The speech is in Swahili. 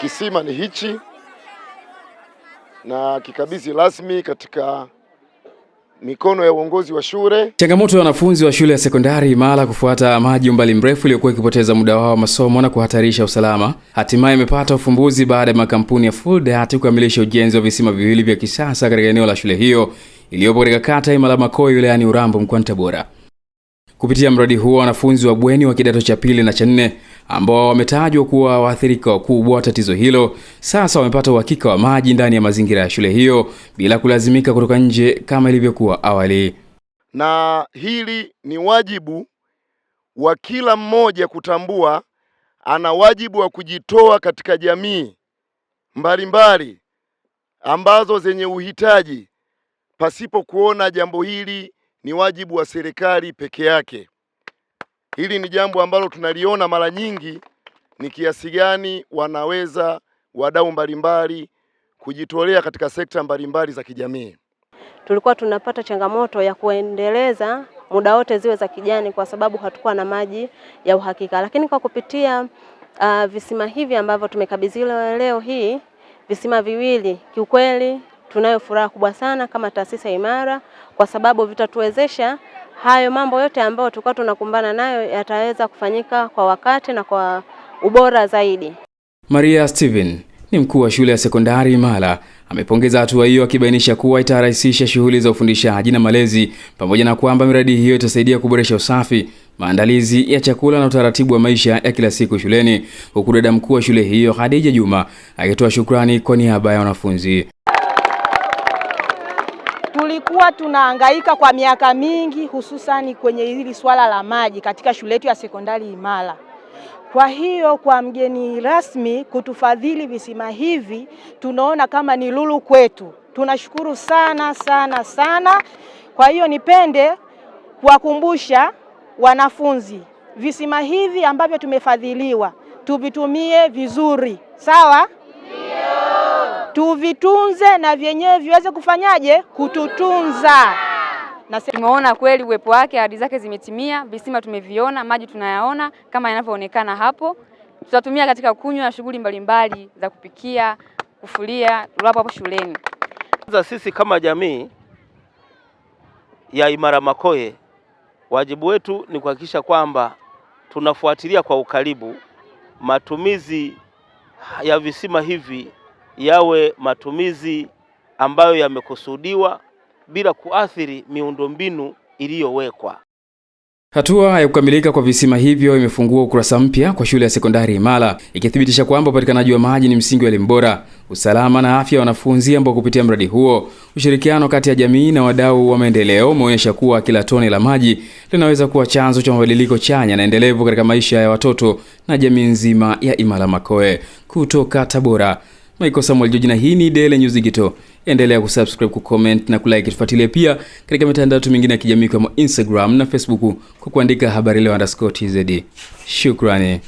Kisima ni hichi na kikabidhi rasmi katika mikono ya uongozi wa shule. Changamoto ya wanafunzi wa shule ya sekondari Imara kufuata maji umbali mrefu iliyokuwa ikipoteza muda wao wa masomo na kuhatarisha usalama, hatimaye imepata ufumbuzi baada ya makampuni ya Fuldat kukamilisha ujenzi wa visima viwili vya kisasa katika eneo la shule hiyo iliyopo katika kata Imara Makoo wilayani Urambo mkoani Tabora. Kupitia mradi huo, wanafunzi wa bweni wa kidato cha pili na cha nne ambao wametajwa kuwa waathirika wakubwa wa tatizo hilo sasa wamepata uhakika wa maji ndani ya mazingira ya shule hiyo bila kulazimika kutoka nje kama ilivyokuwa awali. Na hili ni wajibu wa kila mmoja kutambua ana wajibu wa kujitoa katika jamii mbalimbali ambazo zenye uhitaji pasipo kuona jambo hili ni wajibu wa serikali peke yake. Hili ni jambo ambalo tunaliona mara nyingi, ni kiasi gani wanaweza wadau mbalimbali kujitolea katika sekta mbalimbali za kijamii. Tulikuwa tunapata changamoto ya kuendeleza muda wote ziwe za kijani kwa sababu hatukuwa na maji ya uhakika, lakini kwa kupitia uh, visima hivi ambavyo tumekabidhiwa leo hii, visima viwili, kiukweli Tunayo furaha kubwa sana kama taasisi ya Imara kwa sababu vitatuwezesha hayo mambo yote ambayo tulikuwa tunakumbana nayo yataweza kufanyika kwa wakati na kwa ubora zaidi. Maria Steven ni mkuu wa shule ya sekondari Imara amepongeza hatua hiyo akibainisha kuwa itarahisisha shughuli za ufundishaji na malezi pamoja na kwamba miradi hiyo itasaidia kuboresha usafi, maandalizi ya chakula na utaratibu wa maisha ya kila siku shuleni, huku dada mkuu wa shule hiyo Khadija Juma akitoa shukrani kwa niaba ya wanafunzi. Tulikuwa tunahangaika kwa miaka mingi, hususani kwenye hili swala la maji katika shule yetu ya sekondari Imara. Kwa hiyo kwa mgeni rasmi kutufadhili visima hivi, tunaona kama ni lulu kwetu. Tunashukuru sana sana sana. Kwa hiyo nipende kuwakumbusha wanafunzi visima hivi ambavyo tumefadhiliwa tuvitumie vizuri, sawa tuvitunze na vyenyewe viweze kufanyaje kututunza. Na tumeona kweli uwepo wake, ahadi zake zimetimia. Visima tumeviona, maji tunayaona kama yanavyoonekana hapo. Tutatumia katika kunywa na shughuli mbalimbali za kupikia, kufulia, tulapo hapo shuleni. Sisi kama jamii ya Imara Makoye, wajibu wetu ni kuhakikisha kwamba tunafuatilia kwa ukaribu matumizi ya visima hivi yawe matumizi ambayo yamekusudiwa bila kuathiri miundombinu iliyowekwa. Hatua ya kukamilika kwa visima hivyo imefungua ukurasa mpya kwa shule ya sekondari Imala, ikithibitisha kwamba upatikanaji wa maji ni msingi wa elimu bora, usalama na afya ya wanafunzi, ambao kupitia mradi huo ushirikiano kati ya jamii na wadau wa maendeleo umeonyesha kuwa kila tone la maji linaweza kuwa chanzo cha mabadiliko chanya na endelevu katika maisha ya watoto na jamii nzima ya Imala Makoe. Kutoka Tabora, maiko Samuel George, na hii ni Daily News Digital. Endelea kusubscribe, kucomment na kulike, tufuatilie pia katika mitandao yetu mingine ya kijamii kama Instagram na Facebook kwa kuandika habari leo underscore tz. Shukrani.